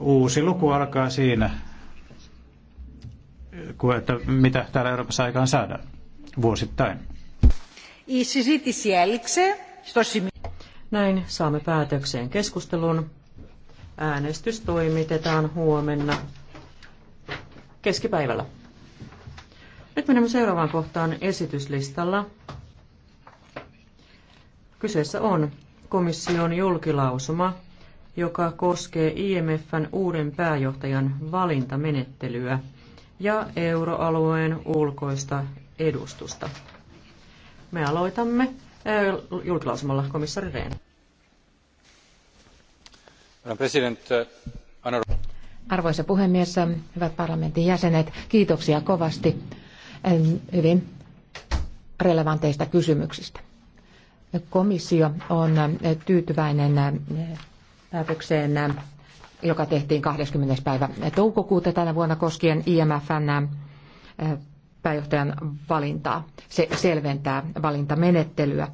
Uusi luku alkaa siinä, että mitä täällä Euroopassa aikaan saadaan vuosittain. Näin saamme päätökseen keskustelun. Äänestys toimitetaan huomenna keskipäivällä. Nyt menemme seuraavaan kohtaan esityslistalla. Kyseessä on komission julkilausuma joka koskee IMFn uuden pääjohtajan valintamenettelyä ja euroalueen ulkoista edustusta. Me aloitamme äh, julkilausumalla komissaari Rehn. Äh, Arvoisa puhemies, äh, hyvät parlamentin jäsenet, kiitoksia kovasti ähm, hyvin relevanteista kysymyksistä. Komissio on tyytyväinen päätökseen, joka tehtiin 20. päivä toukokuuta tänä vuonna koskien IMFn pääjohtajan valintaa. Se selventää valintamenettelyä.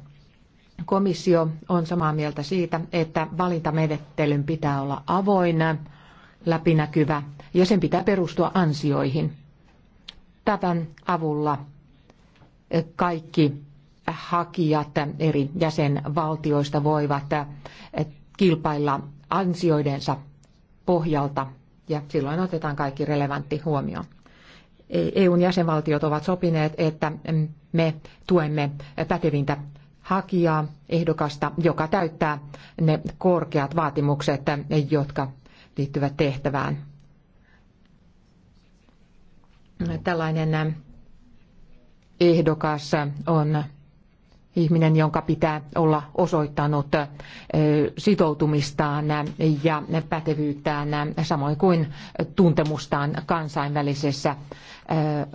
Komissio on samaa mieltä siitä, että valintamenettelyn pitää olla avoin, läpinäkyvä ja sen pitää perustua ansioihin. Tämän avulla kaikki hakijat eri jäsenvaltioista voivat kilpailla ansioidensa pohjalta ja silloin otetaan kaikki relevantti huomioon. E- EUn jäsenvaltiot ovat sopineet, että me tuemme pätevintä hakijaa, ehdokasta, joka täyttää ne korkeat vaatimukset, jotka liittyvät tehtävään. Tällainen ehdokas on ihminen, jonka pitää olla osoittanut sitoutumistaan ja pätevyyttään, samoin kuin tuntemustaan kansainvälisessä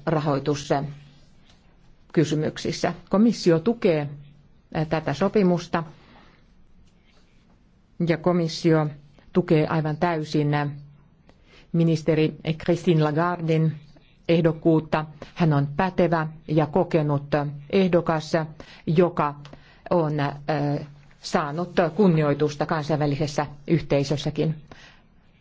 rahoituskysymyksissä. Komissio tukee tätä sopimusta ja komissio tukee aivan täysin ministeri Christine Lagardin ehdokkuutta. Hän on pätevä ja kokenut ehdokas, joka on äh, saanut kunnioitusta kansainvälisessä yhteisössäkin.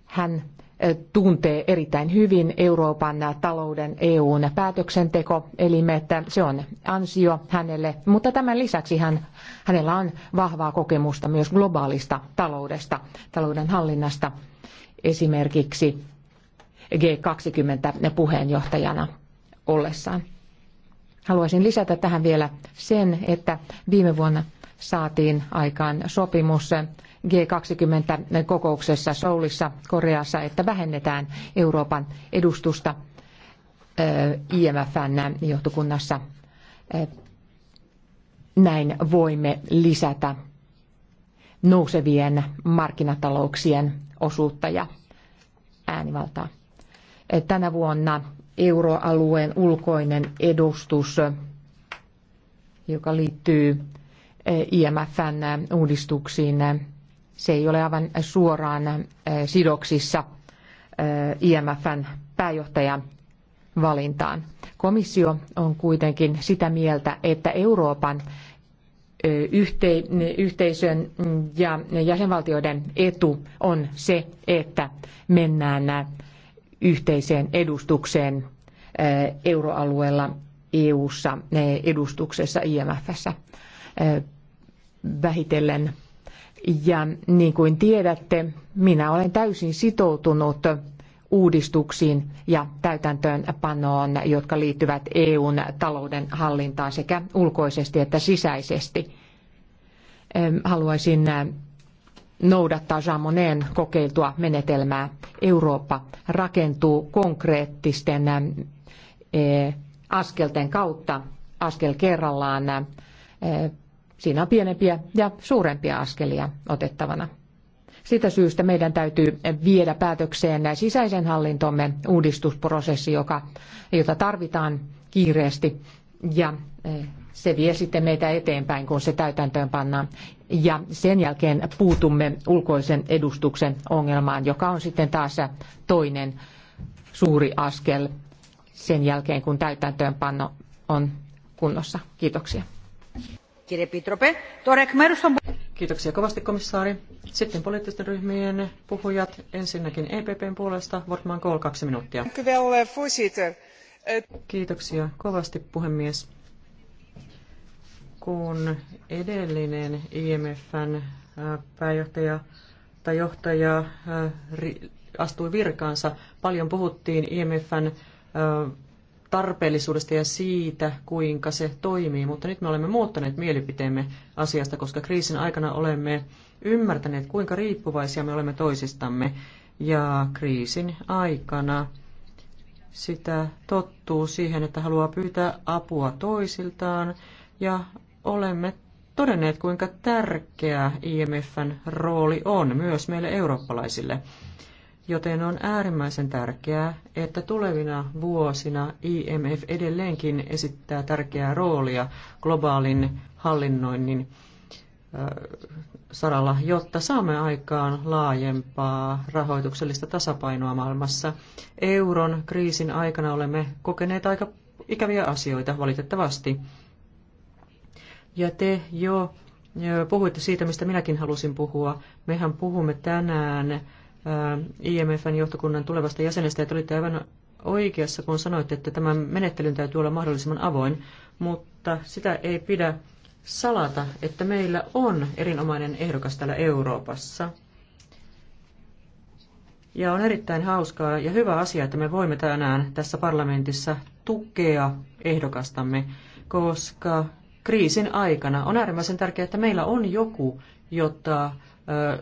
Hän äh, tuntee erittäin hyvin Euroopan talouden EUn päätöksentekoelimet. Se on ansio hänelle, mutta tämän lisäksi hän, hänellä on vahvaa kokemusta myös globaalista taloudesta, talouden hallinnasta. Esimerkiksi G20-puheenjohtajana ollessaan. Haluaisin lisätä tähän vielä sen, että viime vuonna saatiin aikaan sopimus G20-kokouksessa Soulissa Koreassa, että vähennetään Euroopan edustusta IMFn johtokunnassa. Näin voimme lisätä nousevien markkinatalouksien osuutta ja äänivaltaa tänä vuonna euroalueen ulkoinen edustus, joka liittyy eh, IMFn eh, uudistuksiin. Eh, se ei ole aivan suoraan sidoksissa IMFn pääjohtajan valintaan. Komissio on kuitenkin sitä mieltä, että Euroopan yhteisön ja jäsenvaltioiden etu on se, että mennään yhteiseen edustukseen eh, euroalueella, EU:ssa, eh, edustuksessa, IMFssä eh, vähitellen. Ja niin kuin tiedätte, minä olen täysin sitoutunut uudistuksiin ja täytäntöönpanoon, jotka liittyvät EUn talouden hallintaan sekä ulkoisesti että sisäisesti. Haluaisin noudattaa Jean kokeiltua menetelmää. Eurooppa rakentuu konkreettisten e, askelten kautta askel kerrallaan. Siinä on pienempiä ja suurempia askelia otettavana. Sitä syystä meidän täytyy viedä päätökseen sisäisen hallintomme uudistusprosessi, joka, jota tarvitaan kiireesti ja se vie sitten meitä eteenpäin, kun se täytäntöön pannaan. Ja sen jälkeen puutumme ulkoisen edustuksen ongelmaan, joka on sitten taas toinen suuri askel sen jälkeen, kun täytäntöönpanno on kunnossa. Kiitoksia. Kiitoksia kovasti komissaari. Sitten poliittisten ryhmien puhujat. Ensinnäkin EPPn puolesta Wortman Kool, kaksi minuuttia. Eh, eh, Kiitoksia kovasti puhemies kun edellinen IMFn äh, pääjohtaja tai johtaja äh, astui virkaansa, paljon puhuttiin IMFn äh, tarpeellisuudesta ja siitä, kuinka se toimii, mutta nyt me olemme muuttaneet mielipiteemme asiasta, koska kriisin aikana olemme ymmärtäneet, kuinka riippuvaisia me olemme toisistamme. Ja kriisin aikana sitä tottuu siihen, että haluaa pyytää apua toisiltaan ja olemme todenneet, kuinka tärkeä IMFn rooli on myös meille eurooppalaisille. Joten on äärimmäisen tärkeää, että tulevina vuosina IMF edelleenkin esittää tärkeää roolia globaalin hallinnoinnin saralla, jotta saamme aikaan laajempaa rahoituksellista tasapainoa maailmassa. Euron kriisin aikana olemme kokeneet aika ikäviä asioita valitettavasti. Ja te jo puhuitte siitä, mistä minäkin halusin puhua. Mehän puhumme tänään IMFn johtokunnan tulevasta jäsenestä, ja te olitte aivan oikeassa, kun sanoitte, että tämän menettelyn täytyy olla mahdollisimman avoin, mutta sitä ei pidä salata, että meillä on erinomainen ehdokas täällä Euroopassa. Ja on erittäin hauskaa ja hyvä asia, että me voimme tänään tässä parlamentissa tukea ehdokastamme, koska kriisin aikana. On äärimmäisen tärkeää, että meillä on joku, jota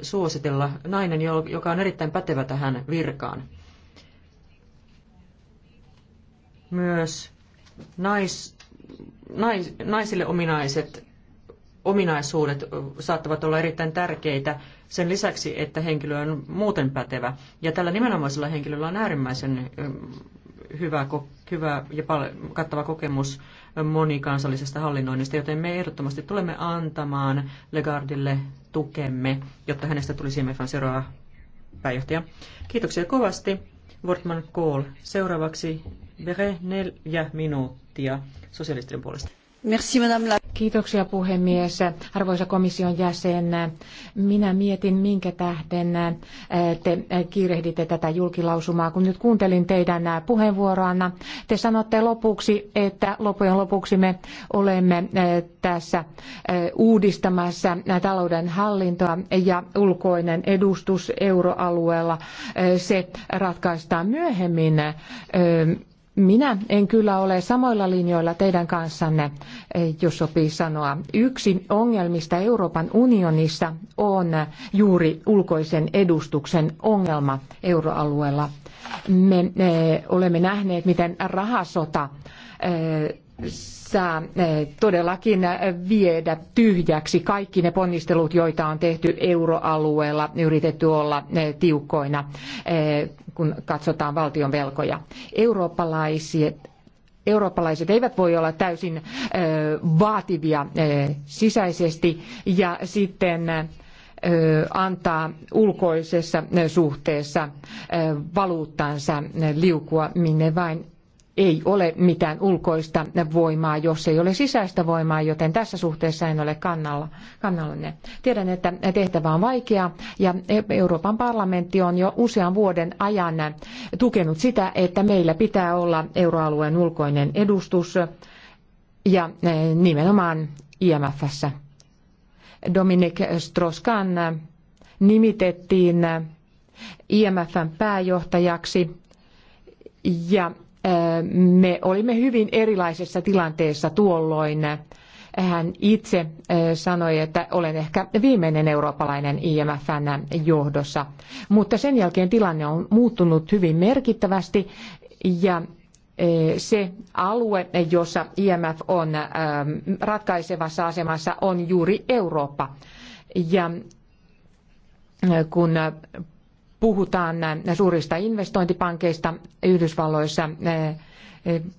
suositella, nainen, joka on erittäin pätevä tähän virkaan. Myös nais, nais, naisille ominaiset ominaisuudet saattavat olla erittäin tärkeitä sen lisäksi, että henkilö on muuten pätevä. Ja tällä nimenomaisella henkilöllä on äärimmäisen hyvä, hyvä ja kattava kokemus monikansallisesta hallinnoinnista, joten me ehdottomasti tulemme antamaan Legardille tukemme, jotta hänestä tulisi IMFn seuraava pääjohtaja. Kiitoksia kovasti. Wortman Kohl. Seuraavaksi Vere neljä minuuttia sosialistien puolesta. Kiitoksia puhemies. Arvoisa komission jäsen, minä mietin, minkä tähden te kiirehditte tätä julkilausumaa. Kun nyt kuuntelin teidän puheenvuoroanna, te sanotte lopuksi, että loppujen lopuksi me olemme tässä uudistamassa talouden hallintoa ja ulkoinen edustus euroalueella. Se ratkaistaan myöhemmin minä en kyllä ole samoilla linjoilla teidän kanssanne, eh, jos sopii sanoa. Yksi ongelmista Euroopan unionissa on juuri ulkoisen edustuksen ongelma euroalueella. Me eh, olemme nähneet, miten rahasota eh, saa eh, todellakin viedä tyhjäksi kaikki ne ponnistelut, joita on tehty euroalueella, yritetty olla eh, tiukkoina, eh, kun katsotaan valtion velkoja. Eurooppalaiset Eurooppalaiset eivät voi olla täysin vaativia sisäisesti ja sitten antaa ulkoisessa suhteessa valuuttansa liukua minne vain ei ole mitään ulkoista voimaa, jos ei ole sisäistä voimaa, joten tässä suhteessa en ole kannalla, kannallinen. Tiedän, että tehtävä on vaikea ja Euroopan parlamentti on jo usean vuoden ajan tukenut sitä, että meillä pitää olla euroalueen ulkoinen edustus ja eh, nimenomaan IMFssä. Dominik Stroskan nimitettiin IMFn pääjohtajaksi ja me olimme hyvin erilaisessa tilanteessa tuolloin. Hän itse sanoi, että olen ehkä viimeinen eurooppalainen IMFn johdossa, mutta sen jälkeen tilanne on muuttunut hyvin merkittävästi ja se alue, jossa IMF on ratkaisevassa asemassa, on juuri Eurooppa. Ja kun puhutaan äh, suurista investointipankeista Yhdysvalloissa, äh, äh,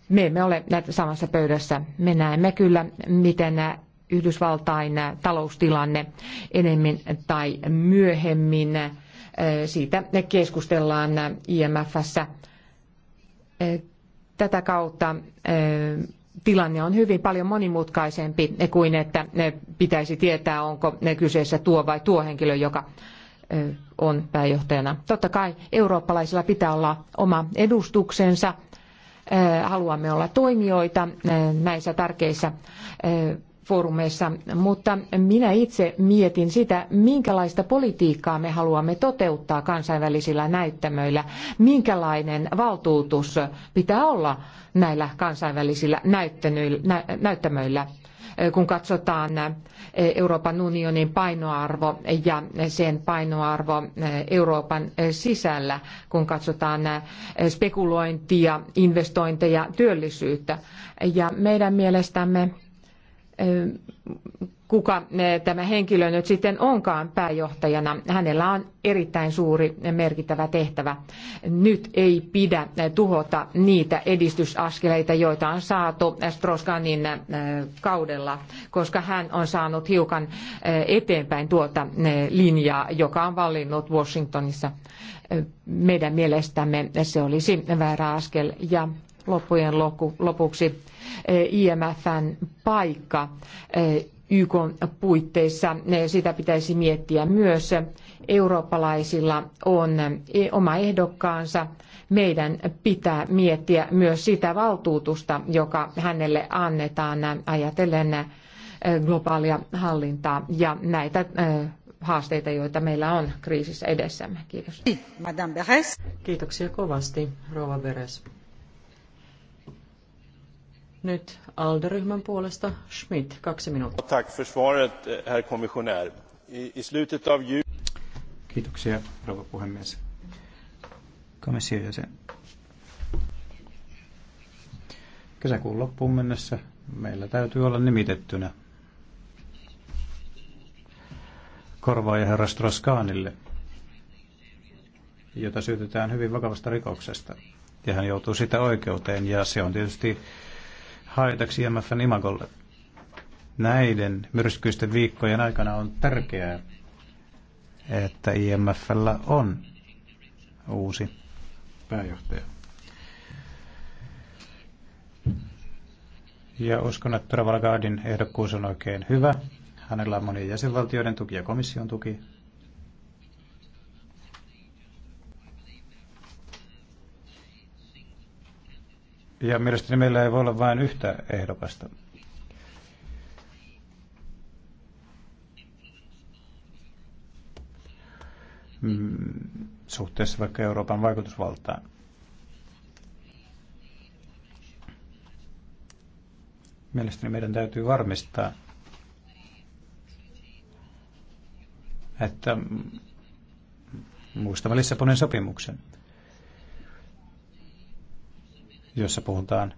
me emme ole samassa pöydässä. Me näemme kyllä, miten Yhdysvaltain taloustilanne enemmän tai myöhemmin. Siitä keskustellaan IMFssä. Tätä kautta tilanne on hyvin paljon monimutkaisempi kuin että pitäisi tietää, onko kyseessä tuo vai tuo henkilö, joka on pääjohtajana. Totta kai eurooppalaisilla pitää olla oma edustuksensa. Haluamme olla toimijoita näissä tärkeissä foorumeissa, mutta minä itse mietin sitä, minkälaista politiikkaa me haluamme toteuttaa kansainvälisillä näyttämöillä, minkälainen valtuutus pitää olla näillä kansainvälisillä näyttämöillä kun katsotaan eh, Euroopan unionin painoarvo ja sen painoarvo eh, Euroopan eh, sisällä, kun katsotaan spekulointia, investointeja, työllisyyttä. Ja meidän mielestämme kuka tämä henkilö nyt sitten onkaan pääjohtajana. Hänellä on erittäin suuri merkittävä tehtävä. Nyt ei pidä tuhota niitä edistysaskeleita, joita on saatu Stroskanin kaudella, koska hän on saanut hiukan eteenpäin tuota linjaa, joka on valinnut Washingtonissa. Meidän mielestämme se olisi väärä askel ja loppujen lopuksi IMFn paikka eh, YK puitteissa. Sitä pitäisi miettiä myös. Eurooppalaisilla on eh, oma ehdokkaansa. Meidän pitää miettiä myös sitä valtuutusta, joka hänelle annetaan eh, ajatellen globaalia hallintaa ja näitä haasteita, joita meillä on kriisissä edessämme. Kiitos. Madame Beres. Kiitoksia kovasti, Rova Beres. Nyt alderyhmän puolesta Schmidt, kaksi minuuttia. Tack för svaret, herr kommissionär. I slutet av juli... Kiitoksia, rouva puhemies. Komission jäsen. Kesäkuun loppuun mennessä meillä täytyy olla nimitettynä korvaaja herra Straskaanille, jota syytetään hyvin vakavasta rikoksesta. Ja hän joutuu sitä oikeuteen, ja se on tietysti haitaksi IMFn imagolle. Näiden myrskyisten viikkojen aikana on tärkeää, että IMFllä on uusi pääjohtaja. Ja uskon, että Travalgaardin ehdokkuus on oikein hyvä. Hänellä on monien jäsenvaltioiden tuki ja komission tuki. Ja mielestäni meillä ei voi olla vain yhtä ehdokasta. Mm, suhteessa vaikka Euroopan vaikutusvaltaan. Mielestäni meidän täytyy varmistaa, että muistamme Lissabonin sopimuksen jossa puhutaan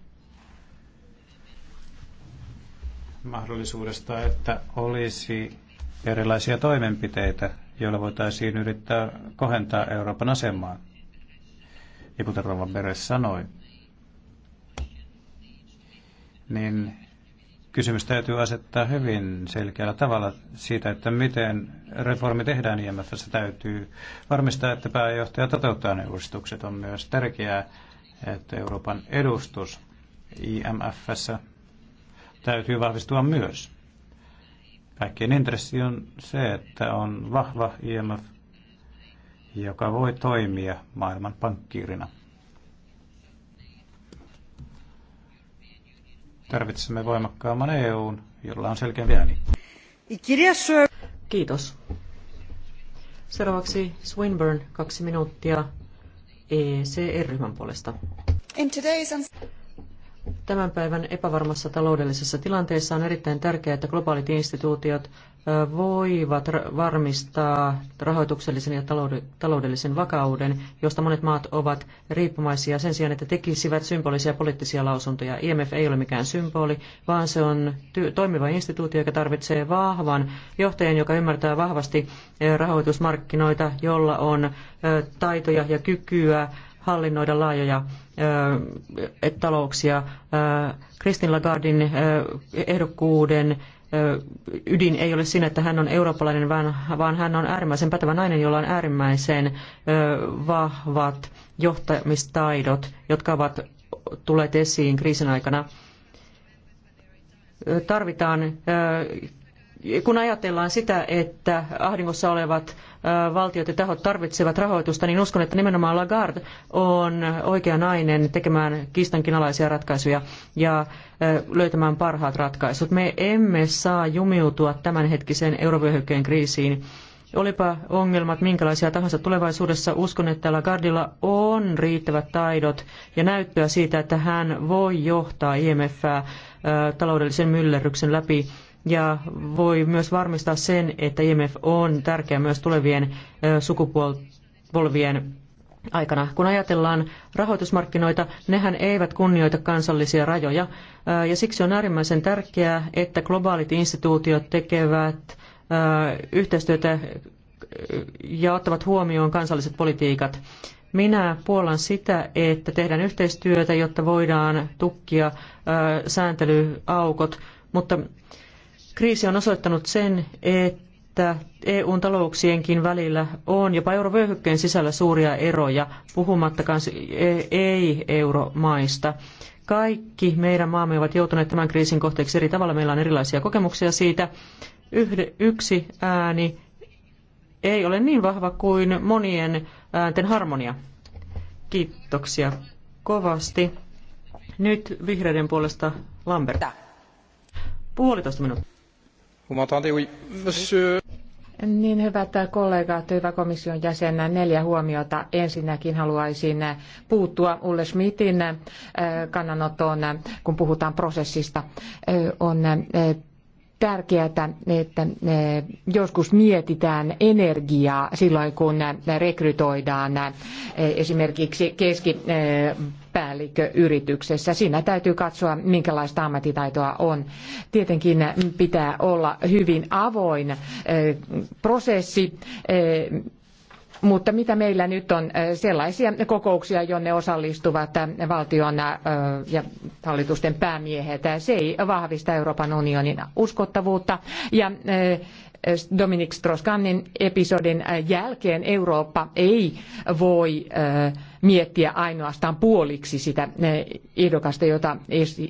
mahdollisuudesta, että olisi erilaisia toimenpiteitä, joilla voitaisiin yrittää kohentaa Euroopan asemaa. Ja kuten Rova Beres sanoi, niin kysymys täytyy asettaa hyvin selkeällä tavalla siitä, että miten reformi tehdään IMFssä. Täytyy varmistaa, että pääjohtaja toteuttaa ne uudistukset. On myös tärkeää, että Euroopan edustus IMFssä täytyy vahvistua myös. Kaikkien intressi on se, että on vahva IMF, joka voi toimia maailman pankkiirina. Tarvitsemme voimakkaamman EUn, jolla on selkeä ääni. Kiitos. Seuraavaksi Swinburne, kaksi minuuttia ECR-ryhmän puolesta. Tämän päivän epävarmassa taloudellisessa tilanteessa on erittäin tärkeää, että globaalit instituutiot voivat varmistaa rahoituksellisen ja taloudellisen vakauden, josta monet maat ovat riippumaisia sen sijaan, että tekisivät symbolisia poliittisia lausuntoja. IMF ei ole mikään symboli, vaan se on toimiva instituutio, joka tarvitsee vahvan johtajan, joka ymmärtää vahvasti rahoitusmarkkinoita, jolla on taitoja ja kykyä hallinnoida laajoja talouksia. Kristin Lagardin ehdokkuuden ydin ei ole siinä, että hän on eurooppalainen, vaan, vaan hän on äärimmäisen pätevä nainen, jolla on äärimmäisen vahvat johtamistaidot, jotka ovat tulleet esiin kriisin aikana. Tarvitaan kun ajatellaan sitä, että ahdingossa olevat valtiot ja tahot tarvitsevat rahoitusta, niin uskon, että nimenomaan Lagarde on oikea nainen tekemään kiistankinalaisia ratkaisuja ja löytämään parhaat ratkaisut. Me emme saa jumiutua tämänhetkiseen eurovyöhykkeen kriisiin. Olipa ongelmat minkälaisia tahansa tulevaisuudessa, uskon, että Lagardilla on riittävät taidot ja näyttöä siitä, että hän voi johtaa IMFää taloudellisen myllerryksen läpi ja voi myös varmistaa sen, että IMF on tärkeä myös tulevien sukupolvien aikana. Kun ajatellaan rahoitusmarkkinoita, nehän eivät kunnioita kansallisia rajoja, ja siksi on äärimmäisen tärkeää, että globaalit instituutiot tekevät yhteistyötä ja ottavat huomioon kansalliset politiikat. Minä puolan sitä, että tehdään yhteistyötä, jotta voidaan tukkia sääntelyaukot, mutta Kriisi on osoittanut sen, että EUn talouksienkin välillä on jopa eurovyöhykkeen sisällä suuria eroja, puhumattakaan e- ei-euromaista. Kaikki meidän maamme ovat joutuneet tämän kriisin kohteeksi eri tavalla. Meillä on erilaisia kokemuksia siitä. Yhde, yksi ääni ei ole niin vahva kuin monien äänten harmonia. Kiitoksia kovasti. Nyt vihreiden puolesta Lambert. Puolitoista minuuttia. Vous m'entendez? Oui. Monsieur... Niin hyvät kollegat, hyvä komission jäsen, neljä huomiota. Ensinnäkin haluaisin puuttua Ulle Schmidtin eh, kannanottoon, kun puhutaan prosessista. Eh, on eh, tärkeää, että eh, joskus mietitään energiaa silloin, kun eh, rekrytoidaan eh, esimerkiksi keskipäällikkö Siinä täytyy katsoa, minkälaista ammattitaitoa on. Tietenkin pitää olla hyvin avoin prosessi mutta mitä meillä nyt on sellaisia kokouksia, jonne osallistuvat valtion ja hallitusten päämiehet. Se ei vahvista Euroopan unionin uskottavuutta ja Dominic Strauss-Kahnin episodin jälkeen Eurooppa ei voi äh, miettiä ainoastaan puoliksi sitä eh, ehdokasta, jota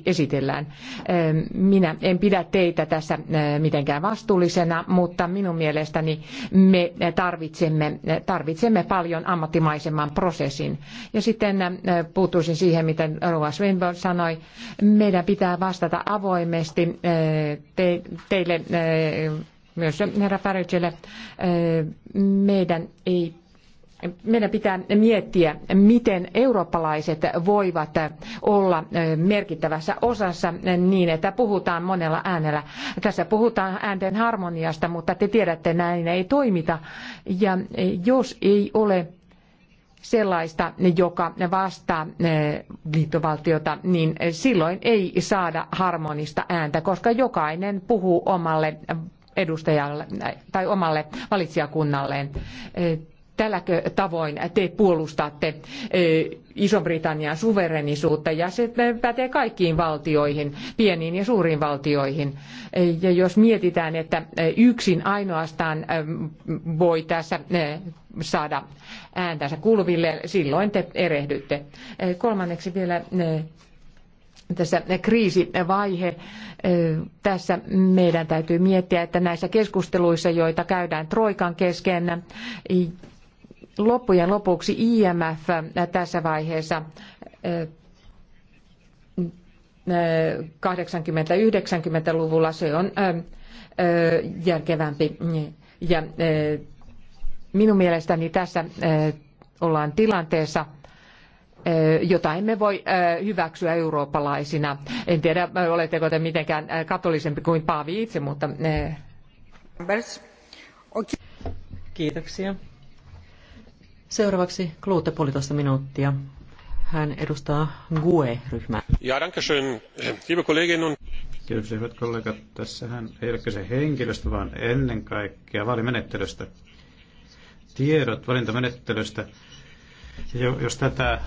esitellään. Eh, minä en pidä teitä tässä eh, mitenkään vastuullisena, mutta minun mielestäni me tarvitsemme, tarvitsemme paljon ammattimaisemman prosessin. Ja sitten puuttuisin siihen, miten Rova Swinburne sanoi, meidän pitää vastata avoimesti teille myös herra Faragelle. Meidän ei meidän pitää miettiä, miten eurooppalaiset voivat olla merkittävässä osassa niin, että puhutaan monella äänellä. Tässä puhutaan äänten harmoniasta, mutta te tiedätte, näin ei toimita. Ja jos ei ole sellaista, joka vastaa liittovaltiota, niin silloin ei saada harmonista ääntä, koska jokainen puhuu omalle edustajalle tai omalle valitsijakunnalleen tälläkö tavoin te puolustatte Iso-Britannian suverenisuutta ja se pätee kaikkiin valtioihin, pieniin ja suuriin valtioihin. Ja jos mietitään, että yksin ainoastaan voi tässä saada ääntänsä kulville, silloin te erehdytte. Kolmanneksi vielä tässä kriisivaihe. Tässä meidän täytyy miettiä, että näissä keskusteluissa, joita käydään Troikan kesken loppujen lopuksi IMF äh, tässä vaiheessa 80-90-luvulla äh, äh, se on järkevämpi. Ja minun mielestäni tässä ollaan tilanteessa, jota emme voi hyväksyä eurooppalaisina. En tiedä, oletteko te mitenkään katolisempi kuin Paavi itse, mutta... Kiitoksia. Seuraavaksi Kluute puolitoista minuuttia. Hän edustaa GUE-ryhmää. Ja, dankeschön, liebe Kolleginnen und Kiitoksia, hyvät kollegat. Tässähän ei ole kyse henkilöstä, vaan ennen kaikkea vaalimenettelystä. Tiedot valintamenettelystä. jos tätä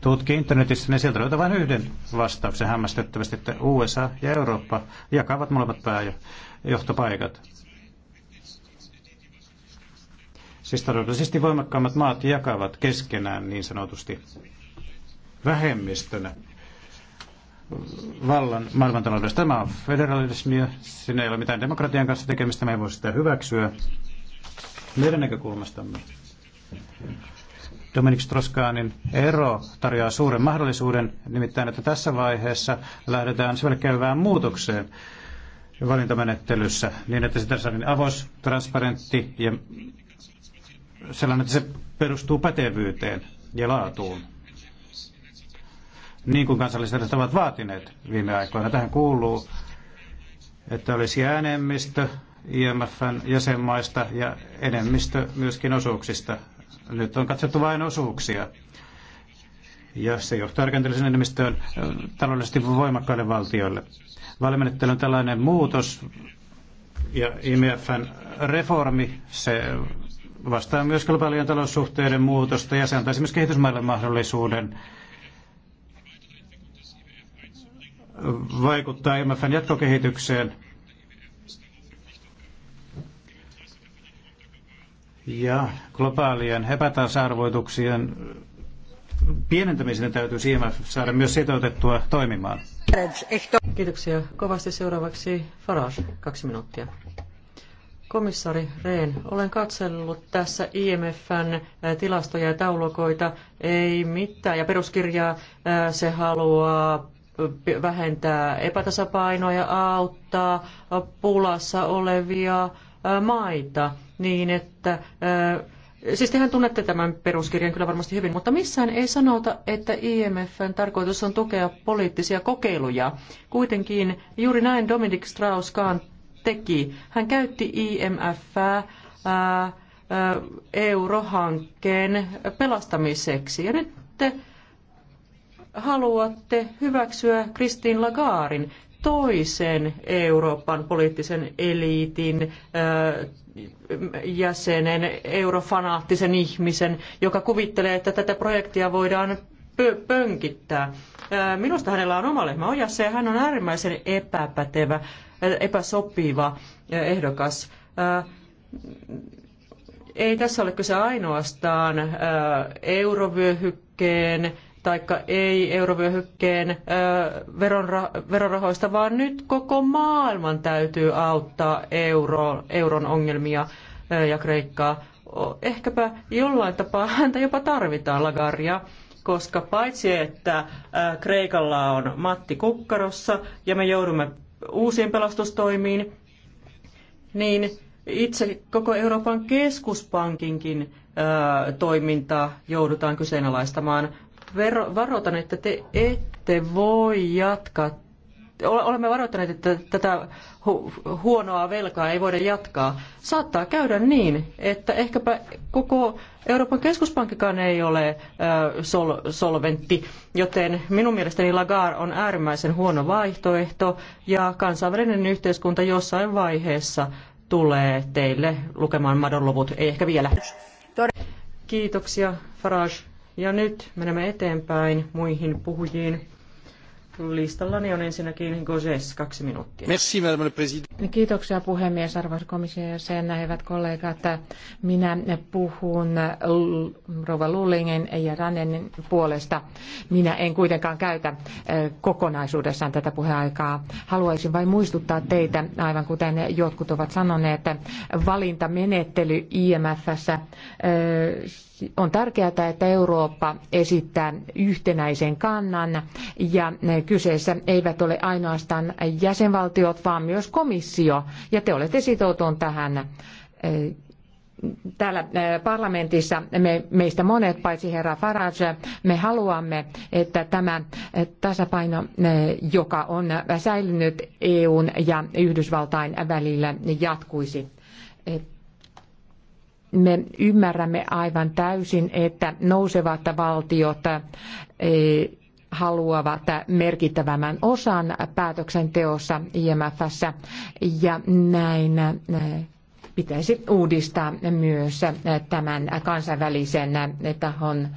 tutki internetissä, niin sieltä löytää vain yhden vastauksen hämmästyttävästi, että USA ja Eurooppa jakavat molemmat pääjohtopaikat. Siis taloudellisesti voimakkaammat maat jakavat keskenään niin sanotusti vähemmistönä vallan maailmantaloudesta. Tämä on federalismia, siinä ei ole mitään demokratian kanssa tekemistä, me ei voi sitä hyväksyä meidän näkökulmastamme. Dominik Stroskaanin ero tarjoaa suuren mahdollisuuden, nimittäin että tässä vaiheessa lähdetään selkeävään muutokseen valintamenettelyssä niin, että sitä saadaan niin avos, transparentti ja sellainen, että se perustuu pätevyyteen ja laatuun, niin kuin kansalliset ovat vaatineet viime aikoina. Tähän kuuluu, että olisi äänemmistö IMFn jäsenmaista ja enemmistö myöskin osuuksista. Nyt on katsottu vain osuuksia. Ja se johtaa rakenteellisen enemmistöön taloudellisesti voimakkaille valtioille. Valmennettelu on tällainen muutos ja IMFn reformi, se vastaa myös globaalien taloussuhteiden muutosta ja se antaisi myös kehitysmaille mahdollisuuden vaikuttaa IMFn jatkokehitykseen. Ja globaalien epätasa-arvoituksien pienentämisen täytyy IMF saada myös sitoutettua toimimaan. Kiitoksia kovasti. Seuraavaksi Farage, kaksi minuuttia. Komissaari Rehn, olen katsellut tässä IMFn tilastoja ja taulukoita, ei mitään, ja peruskirjaa se haluaa vähentää epätasapainoa ja auttaa pulassa olevia maita niin, että Siis tehän tunnette tämän peruskirjan kyllä varmasti hyvin, mutta missään ei sanota, että IMFn tarkoitus on tukea poliittisia kokeiluja. Kuitenkin juuri näin Dominic Strauss-Kahn teki. Hän käytti IMF eurohankkeen pelastamiseksi. Ja nyt te haluatte hyväksyä Kristin Lagaarin toisen Euroopan poliittisen eliitin jäsenen, eurofanaattisen ihmisen, joka kuvittelee, että tätä projektia voidaan pönkittää. Minusta hänellä on oma lehmä ojassa ja hän on äärimmäisen epäpätevä epäsopiva eh, ehdokas. Eh, ei tässä ole kyse ainoastaan eh, eurovyöhykkeen tai ei eurovyöhykkeen verorahoista, vaan nyt koko maailman täytyy auttaa euro, euron ongelmia ja Kreikkaa. Ehkäpä jollain tapaa häntä jopa tarvitaan Lagaria, koska paitsi että Kreikalla on Matti kukkarossa ja me joudumme uusiin pelastustoimiin, niin itse koko Euroopan keskuspankinkin toimintaa joudutaan kyseenalaistamaan. varoitan, että te ette voi jatkaa olemme varoittaneet, että tätä huonoa velkaa ei voida jatkaa. Saattaa käydä niin, että ehkäpä koko Euroopan keskuspankkikaan ei ole sol- solventti, joten minun mielestäni Lagarde on äärimmäisen huono vaihtoehto ja kansainvälinen yhteiskunta jossain vaiheessa tulee teille lukemaan madonluvut, ei ehkä vielä. Kiitoksia Farage. Ja nyt menemme eteenpäin muihin puhujiin. Listallani on ensinnäkin Gozes, kaksi minuuttia. Merci, madame le président. Kiitoksia puhemies, arvoisa komission jäsen, hyvät kollegat. Minä puhun Rova Lullingen ja Ranenin puolesta. Minä en kuitenkaan käytä eh, kokonaisuudessaan tätä puheaikaa. Haluaisin vain muistuttaa teitä, aivan kuten jotkut ovat sanoneet, että valintamenettely IMFssä eh, on tärkeää, että Eurooppa esittää yhtenäisen kannan ja kyseessä eivät ole ainoastaan jäsenvaltiot, vaan myös komissio. Ja te olette sitoutuneet tähän täällä parlamentissa me, meistä monet, paitsi herra Farage, me haluamme, että tämä tasapaino, joka on säilynyt EUn ja Yhdysvaltain välillä, jatkuisi me ymmärrämme aivan täysin, että nousevat valtiot eh, haluavat merkittävämmän osan päätöksenteossa IMFssä ja näin eh, pitäisi uudistaa myös tämän kansainvälisen tahon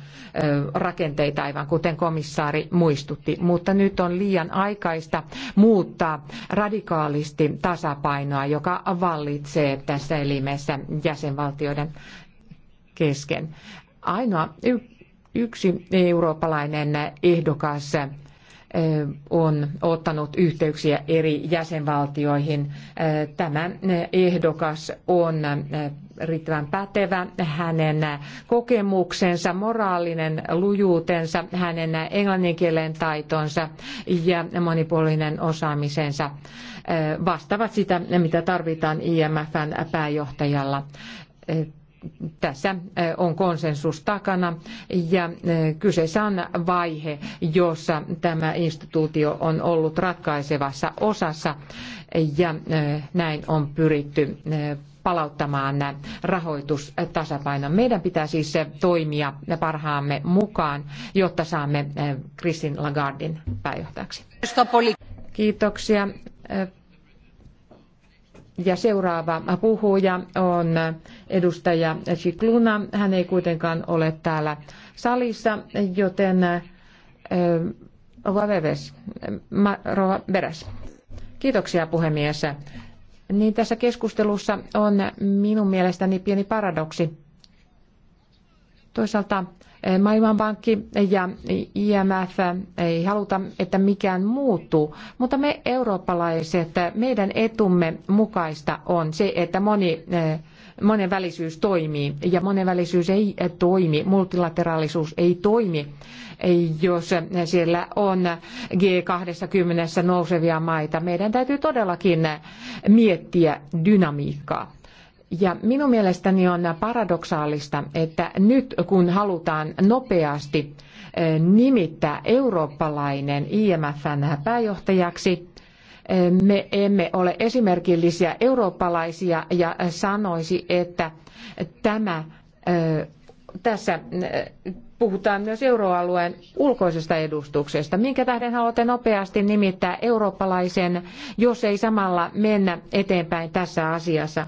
rakenteita, aivan kuten komissaari muistutti. Mutta nyt on liian aikaista muuttaa radikaalisti tasapainoa, joka vallitsee tässä elimessä jäsenvaltioiden kesken. Ainoa yksi eurooppalainen ehdokas on ottanut yhteyksiä eri jäsenvaltioihin. Tämä ehdokas on riittävän pätevä, hänen kokemuksensa, moraalinen lujuutensa, hänen englanninkielen taitonsa ja monipuolinen osaamisensa vastaavat sitä, mitä tarvitaan IMFn pääjohtajalla tässä on konsensus takana ja kyseessä on vaihe, jossa tämä instituutio on ollut ratkaisevassa osassa ja näin on pyritty palauttamaan rahoitustasapainon. Meidän pitää siis toimia parhaamme mukaan, jotta saamme Christine Lagardin pääjohtajaksi. Kiitoksia ja seuraava puhuja on edustaja Chikluna. Hän ei kuitenkaan ole täällä salissa, joten Rova Beres. Kiitoksia puhemies. Niin tässä keskustelussa on minun mielestäni pieni paradoksi. Toisaalta eh, Maailmanpankki ja IMF eh, ei haluta, että mikään muuttuu, mutta me eurooppalaiset, eh, meidän etumme mukaista on se, että moni, monenvälisyys toimii ja monenvälisyys ei toimi, multilateraalisuus ei toimi, jos siellä on G20 nousevia maita. Meidän täytyy todellakin miettiä dynamiikkaa. Ja minun mielestäni on paradoksaalista, että nyt kun halutaan nopeasti eh, nimittää eurooppalainen IMFn pääjohtajaksi, eh, me emme ole esimerkillisiä eurooppalaisia ja sanoisi, että tämä, eh, tässä puhutaan myös euroalueen ulkoisesta edustuksesta. Minkä tähden haluatte nopeasti nimittää eurooppalaisen, jos ei samalla mennä eteenpäin tässä asiassa?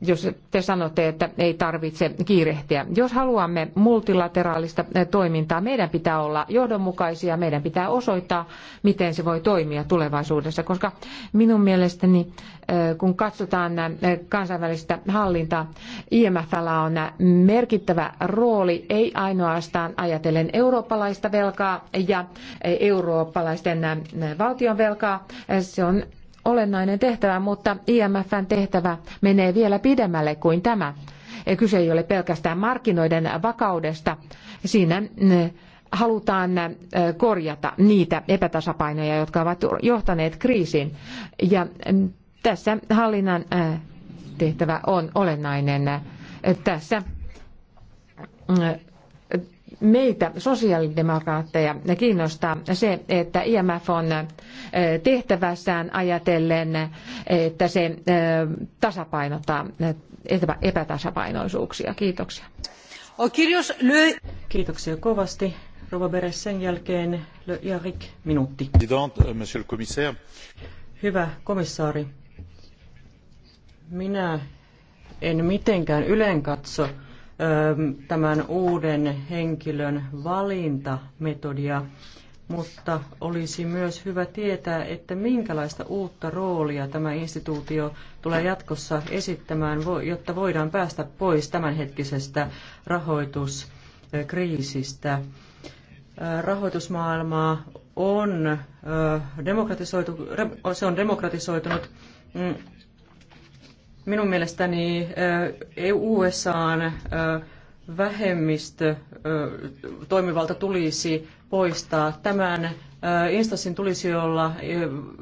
jos te sanotte, että ei tarvitse kiirehtiä. Jos haluamme multilateraalista toimintaa, meidän pitää olla johdonmukaisia, meidän pitää osoittaa, miten se voi toimia tulevaisuudessa, koska minun mielestäni, kun katsotaan kansainvälistä hallintaa, IMFllä on merkittävä rooli, ei ainoastaan ajatellen eurooppalaista velkaa ja eurooppalaisten valtion velkaa, se on olennainen tehtävä, mutta IMFn tehtävä menee vielä pidemmälle kuin tämä. Kyse ei ole pelkästään markkinoiden vakaudesta. Siinä mm, halutaan mm, korjata niitä epätasapainoja, jotka ovat johtaneet kriisiin. Ja mm, tässä hallinnan tehtävä on olennainen. Tässä meitä sosiaalidemokraatteja kiinnostaa se, että IMF on tehtävässään ajatellen, että se tasapainottaa epätasapainoisuuksia. Kiitoksia. Kiitoksia kovasti. Rova Beres, sen jälkeen Le Jarik, minuutti. Euh, Hyvä komissaari, minä en mitenkään ylen katso tämän uuden henkilön valintametodia, mutta olisi myös hyvä tietää, että minkälaista uutta roolia tämä instituutio tulee jatkossa esittämään, jotta voidaan päästä pois tämänhetkisestä rahoituskriisistä. Rahoitusmaailmaa on, demokratisoitu, se on demokratisoitunut mm, Minun mielestäni e USA vähemmistö toimivalta tulisi poistaa. Tämän instanssin tulisi olla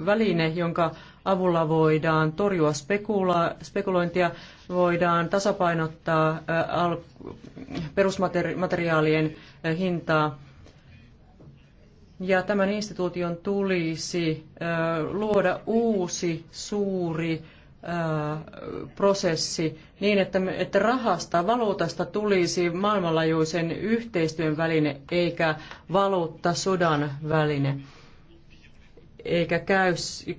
väline, jonka avulla voidaan torjua spekula- spekulointia, voidaan tasapainottaa perusmateriaalien hintaa. Ja tämän instituution tulisi luoda uusi suuri prosessi niin, että, että rahasta, valuutasta tulisi maailmanlaajuisen yhteistyön väline eikä valuutta sodan väline. Eikä käy,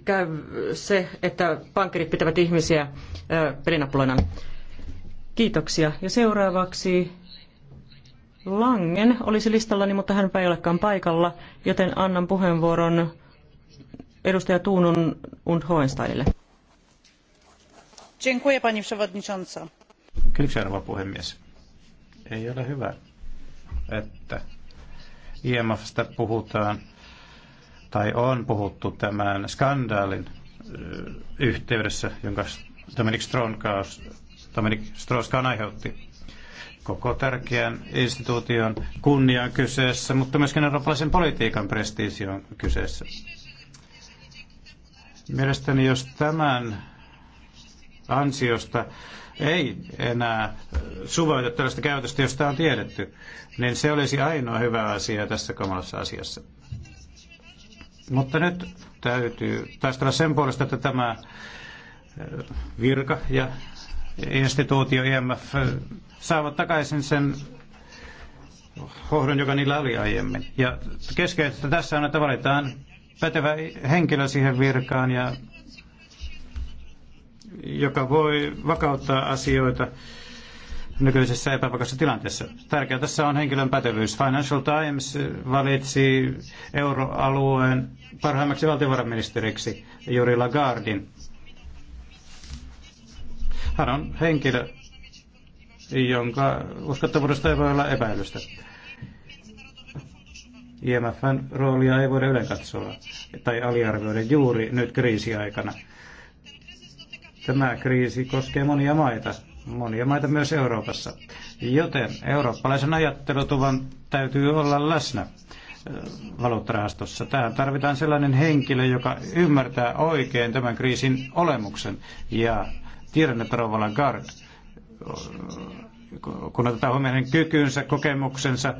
käy se, että pankkirit pitävät ihmisiä pelinappuloina. Kiitoksia. Ja seuraavaksi Langen olisi listallani, mutta hän ei olekaan paikalla, joten annan puheenvuoron edustaja Tuunun und Hohensteinille. Kiitoksia, rouva puhemies. Ei ole hyvä, että IMFstä puhutaan tai on puhuttu tämän skandaalin yhteydessä, jonka Dominic Strauss, Dominic Strauss-Kahn aiheutti koko tärkeän instituution kunnian kyseessä, mutta myöskin eurooppalaisen politiikan prestiisi on kyseessä. Mielestäni jos tämän ansiosta ei enää suvaita tällaista käytöstä, josta on tiedetty, niin se olisi ainoa hyvä asia tässä kamalassa asiassa. Mutta nyt täytyy taistella sen puolesta, että tämä äh, virka ja instituutio IMF äh, saavat takaisin sen hohdon, joka niillä oli aiemmin. Ja keskeistä tässä on, että valitaan pätevä henkilö siihen virkaan ja joka voi vakauttaa asioita nykyisessä epävakaassa tilanteessa. Tärkeää tässä on henkilön pätevyys. Financial Times valitsi euroalueen parhaimmaksi valtiovarainministeriksi Juri Lagardin. Hän on henkilö, jonka uskottavuudesta ei voi olla epäilystä. IMFn roolia ei voida ylenkatsoa tai aliarvioida juuri nyt kriisiaikana. Tämä kriisi koskee monia maita, monia maita myös Euroopassa. Joten eurooppalaisen ajattelutuvan täytyy olla läsnä äh, valuuttarahastossa. Tähän tarvitaan sellainen henkilö, joka ymmärtää oikein tämän kriisin olemuksen. Ja tiedän, että Rovalan Gard, äh, kun otetaan huomioon kykynsä, kokemuksensa,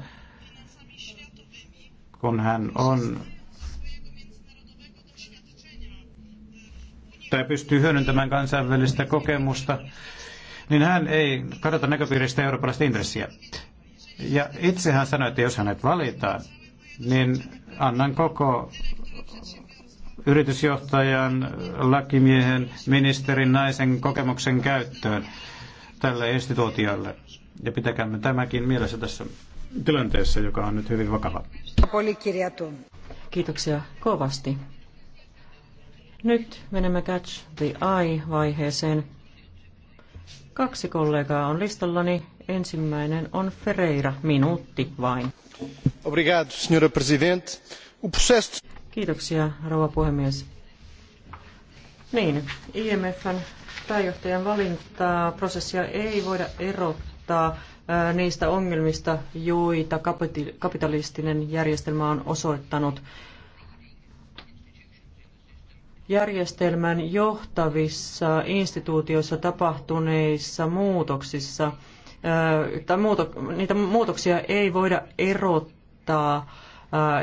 kun hän on tai pystyy hyödyntämään kansainvälistä kokemusta, niin hän ei kadota näköpiiristä eurooppalaista intressiä. Ja itse hän sanoi, että jos hänet valitaan, niin annan koko yritysjohtajan, lakimiehen, ministerin, naisen kokemuksen käyttöön tälle instituutiolle. Ja pitäkäämme tämäkin mielessä tässä tilanteessa, joka on nyt hyvin vakava. Kiitoksia kovasti. Nyt menemme Catch the Eye-vaiheeseen. Kaksi kollegaa on listallani. Ensimmäinen on Ferreira, minuutti vain. Obrigado, signora presidente. Kiitoksia, rouva puhemies. Niin, IMFn pääjohtajan valintaa prosessia ei voida erottaa äh, niistä ongelmista, joita kapitalistinen järjestelmä on osoittanut järjestelmän johtavissa instituutioissa tapahtuneissa muutoksissa, tai muuto, niitä muutoksia ei voida erottaa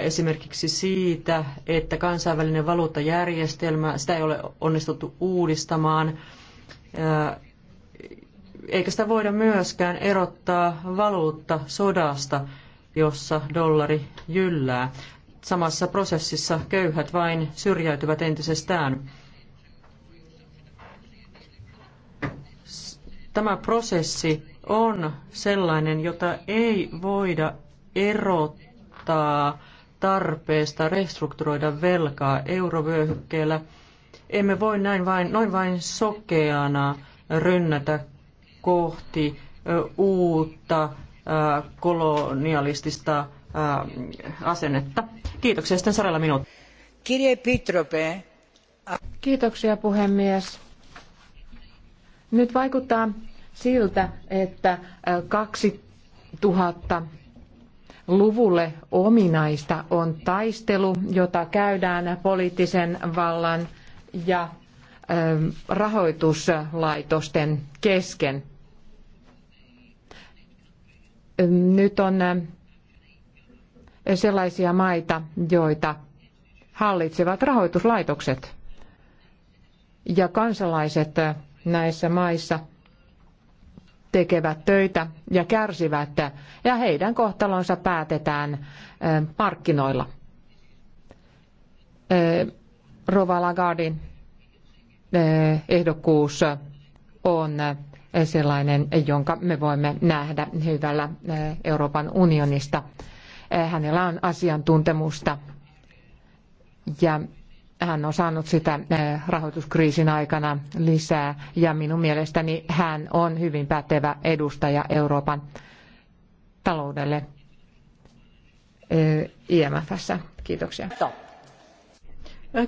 esimerkiksi siitä, että kansainvälinen valuuttajärjestelmä, sitä ei ole onnistuttu uudistamaan, eikä sitä voida myöskään erottaa valuutta sodasta, jossa dollari jyllää samassa prosessissa köyhät vain syrjäytyvät entisestään. Tämä prosessi on sellainen, jota ei voida erottaa tarpeesta restrukturoida velkaa eurovyöhykkeellä. Emme voi näin vain, noin vain sokeana rynnätä kohti uutta kolonialistista asennetta. Kiitoksia sitten saralla minut. Kiitoksia puhemies. Nyt vaikuttaa siltä, että 2000 äh, luvulle ominaista on taistelu, jota käydään poliittisen vallan ja äh, rahoituslaitosten kesken. Nyt on äh, sellaisia maita, joita hallitsevat rahoituslaitokset ja kansalaiset näissä maissa tekevät töitä ja kärsivät ja heidän kohtalonsa päätetään markkinoilla. Rova Lagardin ehdokkuus on sellainen, jonka me voimme nähdä hyvällä Euroopan unionista. Eh, hänellä on asiantuntemusta ja hän on saanut sitä eh, rahoituskriisin aikana lisää ja minun mielestäni hän on hyvin pätevä edustaja Euroopan taloudelle eh, IMFssä. Kiitoksia.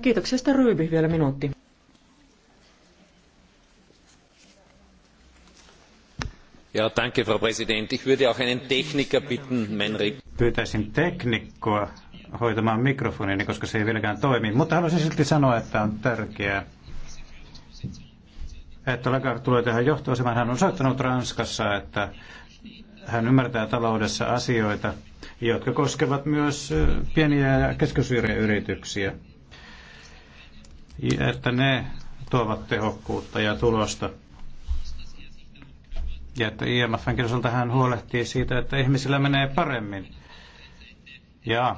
Kiitoksesta Ryybi vielä minuutti. Ja, danke, Frau Präsident. Ich würde auch einen Techniker bitten, mein pyytäisin teknikkoa hoitamaan mikrofonini, koska se ei vieläkään toimi. Mutta haluaisin silti sanoa, että on tärkeää, että Lagarde tulee tähän johtoasemaan. Hän on soittanut Ranskassa, että hän ymmärtää taloudessa asioita, jotka koskevat myös pieniä ja keskisuuria yrityksiä. että ne tuovat tehokkuutta ja tulosta. Ja että IMFn osalta hän huolehtii siitä, että ihmisillä menee paremmin ja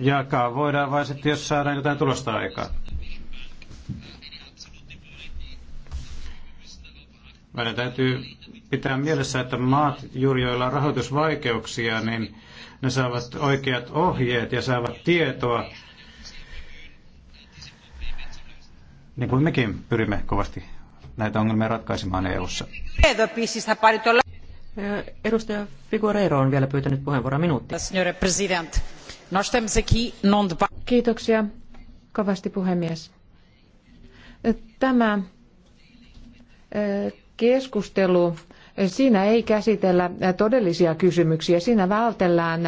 jakaa voidaan vai sitten, jos saadaan jotain tulosta aikaa. Meidän täytyy pitää mielessä, että maat, juuri joilla on rahoitusvaikeuksia, niin ne saavat oikeat ohjeet ja saavat tietoa, niin kuin mekin pyrimme kovasti näitä ongelmia ratkaisemaan EU-ssa. Edustaja Figuereiro on vielä pyytänyt puheenvuoroa minuutti. Kiitoksia kovasti puhemies. Tämä keskustelu, siinä ei käsitellä todellisia kysymyksiä, siinä vältellään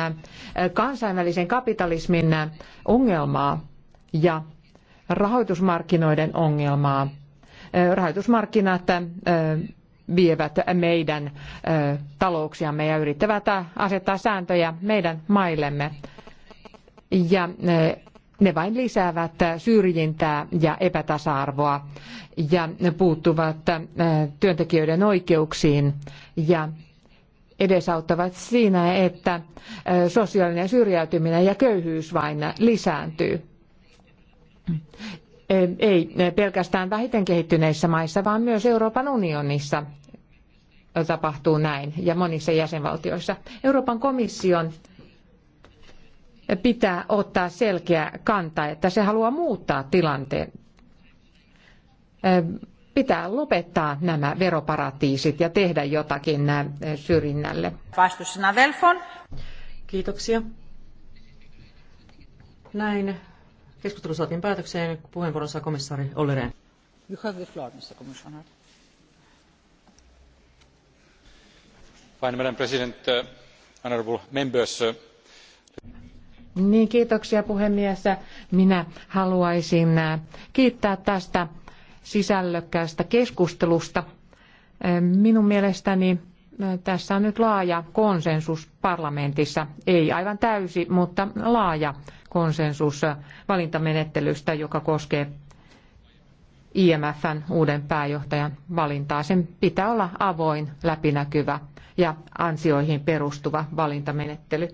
kansainvälisen kapitalismin ongelmaa ja rahoitusmarkkinoiden ongelmaa. Rahoitusmarkkinat vievät meidän talouksiamme ja yrittävät äh, asettaa sääntöjä meidän maillemme. Ja ne vain lisäävät äh, syrjintää ja epätasa-arvoa ja puuttuvat äh, työntekijöiden oikeuksiin ja edesauttavat siinä, että sosiaalinen syrjäytyminen ja köyhyys vain lisääntyy. Ei pelkästään vähiten kehittyneissä maissa, vaan myös Euroopan unionissa tapahtuu näin ja monissa jäsenvaltioissa. Euroopan komission pitää ottaa selkeä kanta, että se haluaa muuttaa tilanteen. Pitää lopettaa nämä veroparatiisit ja tehdä jotakin syrjinnälle. Kiitoksia. Näin keskustelu saatiin päätökseen. Puheenvuoron saa komissaari Olli Rehn. You have the floor, Mr. Commissioner. arvoisa äh, äh, niin, puhemies. Minä haluaisin äh, kiittää tästä sisällökkäästä keskustelusta. Minun mielestäni tässä on nyt laaja konsensus parlamentissa, ei aivan täysi, mutta laaja konsensus valintamenettelystä, joka koskee IMFn uuden pääjohtajan valintaa. Sen pitää olla avoin, läpinäkyvä ja ansioihin perustuva valintamenettely.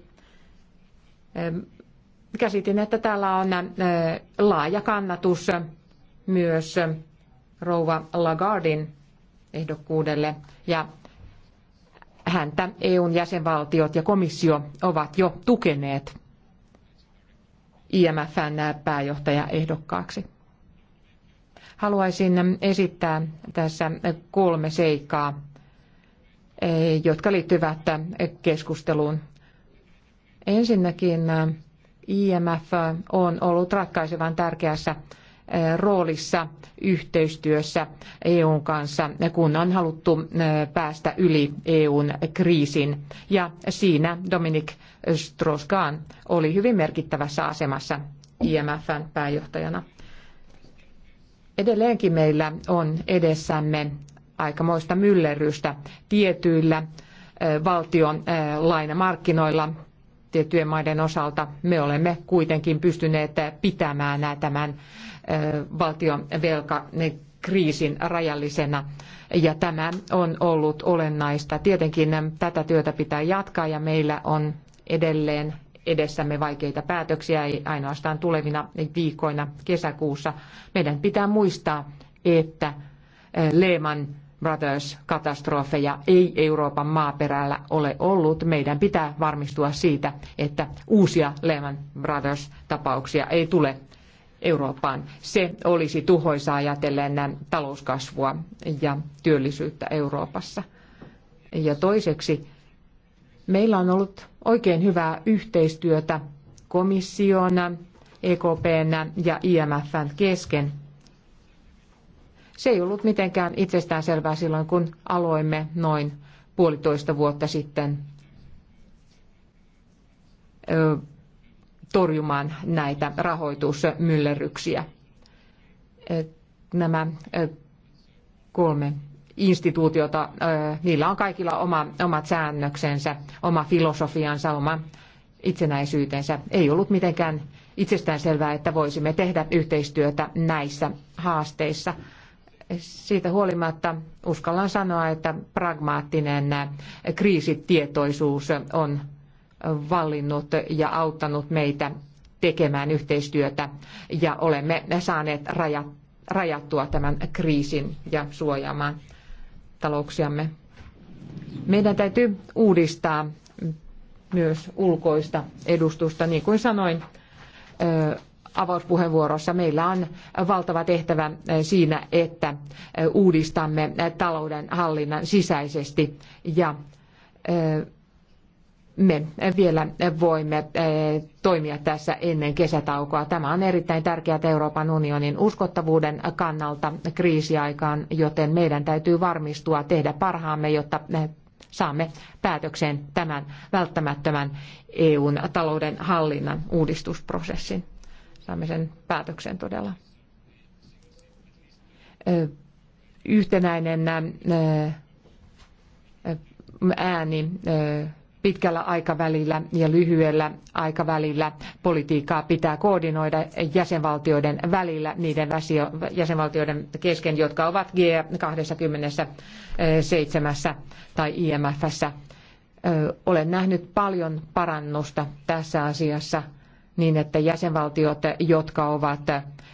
Käsitin, että täällä on laaja kannatus myös rouva Lagardin ehdokkuudelle ja häntä EUn jäsenvaltiot ja komissio ovat jo tukeneet IMFn pääjohtajaehdokkaaksi. ehdokkaaksi. Haluaisin esittää tässä kolme seikkaa, jotka liittyvät keskusteluun. Ensinnäkin IMF on ollut ratkaisevan tärkeässä roolissa yhteistyössä EUn kanssa, kun on haluttu päästä yli EUn kriisin. Ja siinä Dominik Strauss-Kahn oli hyvin merkittävässä asemassa IMFn pääjohtajana. Edelleenkin meillä on edessämme aikamoista myllerrystä tietyillä valtion lainamarkkinoilla tiettyjen maiden osalta. Me olemme kuitenkin pystyneet pitämään tämän valtion velkakriisin rajallisena ja tämä on ollut olennaista. Tietenkin tätä työtä pitää jatkaa ja meillä on edelleen edessämme vaikeita päätöksiä, ei ainoastaan tulevina viikoina kesäkuussa. Meidän pitää muistaa, että eh, Lehman Brothers-katastrofeja ei Euroopan maaperällä ole ollut. Meidän pitää varmistua siitä, että uusia Lehman Brothers-tapauksia ei tule Eurooppaan. Se olisi tuhoisaa ajatellen talouskasvua ja työllisyyttä Euroopassa. Ja toiseksi, meillä on ollut oikein hyvää yhteistyötä komission, EKPn ja IMFn kesken. Se ei ollut mitenkään selvää silloin, kun aloimme noin puolitoista vuotta sitten torjumaan näitä rahoitusmyllerryksiä. Nämä kolme instituutiota. Niillä on kaikilla oma, omat säännöksensä, oma filosofiansa, oma itsenäisyytensä. Ei ollut mitenkään itsestään selvää, että voisimme tehdä yhteistyötä näissä haasteissa. Siitä huolimatta uskallan sanoa, että pragmaattinen kriisitietoisuus on vallinnut ja auttanut meitä tekemään yhteistyötä ja olemme saaneet rajattua tämän kriisin ja suojaamaan talouksiamme. Meidän täytyy uudistaa myös ulkoista edustusta. Niin kuin sanoin avauspuheenvuorossa, meillä on valtava tehtävä siinä, että uudistamme talouden hallinnan sisäisesti ja me vielä voimme eh, toimia tässä ennen kesätaukoa. Tämä on erittäin tärkeää Euroopan unionin uskottavuuden kannalta kriisiaikaan, joten meidän täytyy varmistua tehdä parhaamme, jotta eh, saamme päätökseen tämän välttämättömän EUn talouden hallinnan uudistusprosessin. Saamme sen päätöksen todella. Eh, yhtenäinen ääni pitkällä aikavälillä ja lyhyellä aikavälillä politiikkaa pitää koordinoida jäsenvaltioiden välillä niiden jäsenvaltioiden kesken, jotka ovat G27 tai IMFssä. Olen nähnyt paljon parannusta tässä asiassa niin, että jäsenvaltiot, jotka ovat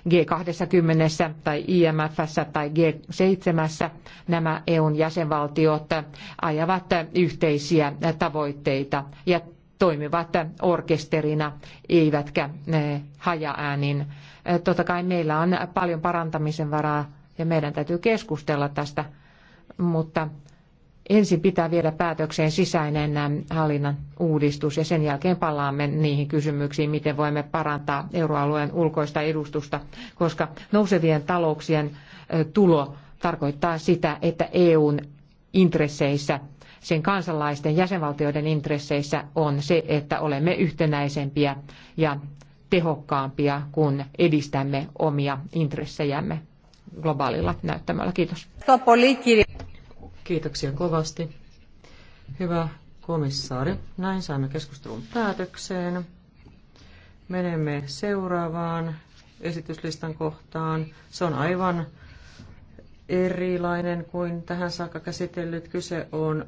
G20 tai IMFssä tai G7, nämä EUn jäsenvaltiot ajavat yhteisiä tavoitteita ja toimivat orkesterina, eivätkä hajaäänin. Totta kai meillä on paljon parantamisen varaa ja meidän täytyy keskustella tästä, mutta ensin pitää viedä päätökseen sisäinen hallinnan uudistus ja sen jälkeen palaamme niihin kysymyksiin, miten voimme parantaa euroalueen ulkoista edustusta, koska nousevien talouksien tulo tarkoittaa sitä, että EUn intresseissä, sen kansalaisten jäsenvaltioiden intresseissä on se, että olemme yhtenäisempiä ja tehokkaampia, kun edistämme omia intressejämme globaalilla näyttämällä. Kiitos. Kiitoksia kovasti. Hyvä komissaari, näin saimme keskustelun päätökseen. Menemme seuraavaan esityslistan kohtaan. Se on aivan erilainen kuin tähän saakka käsitellyt. Kyse on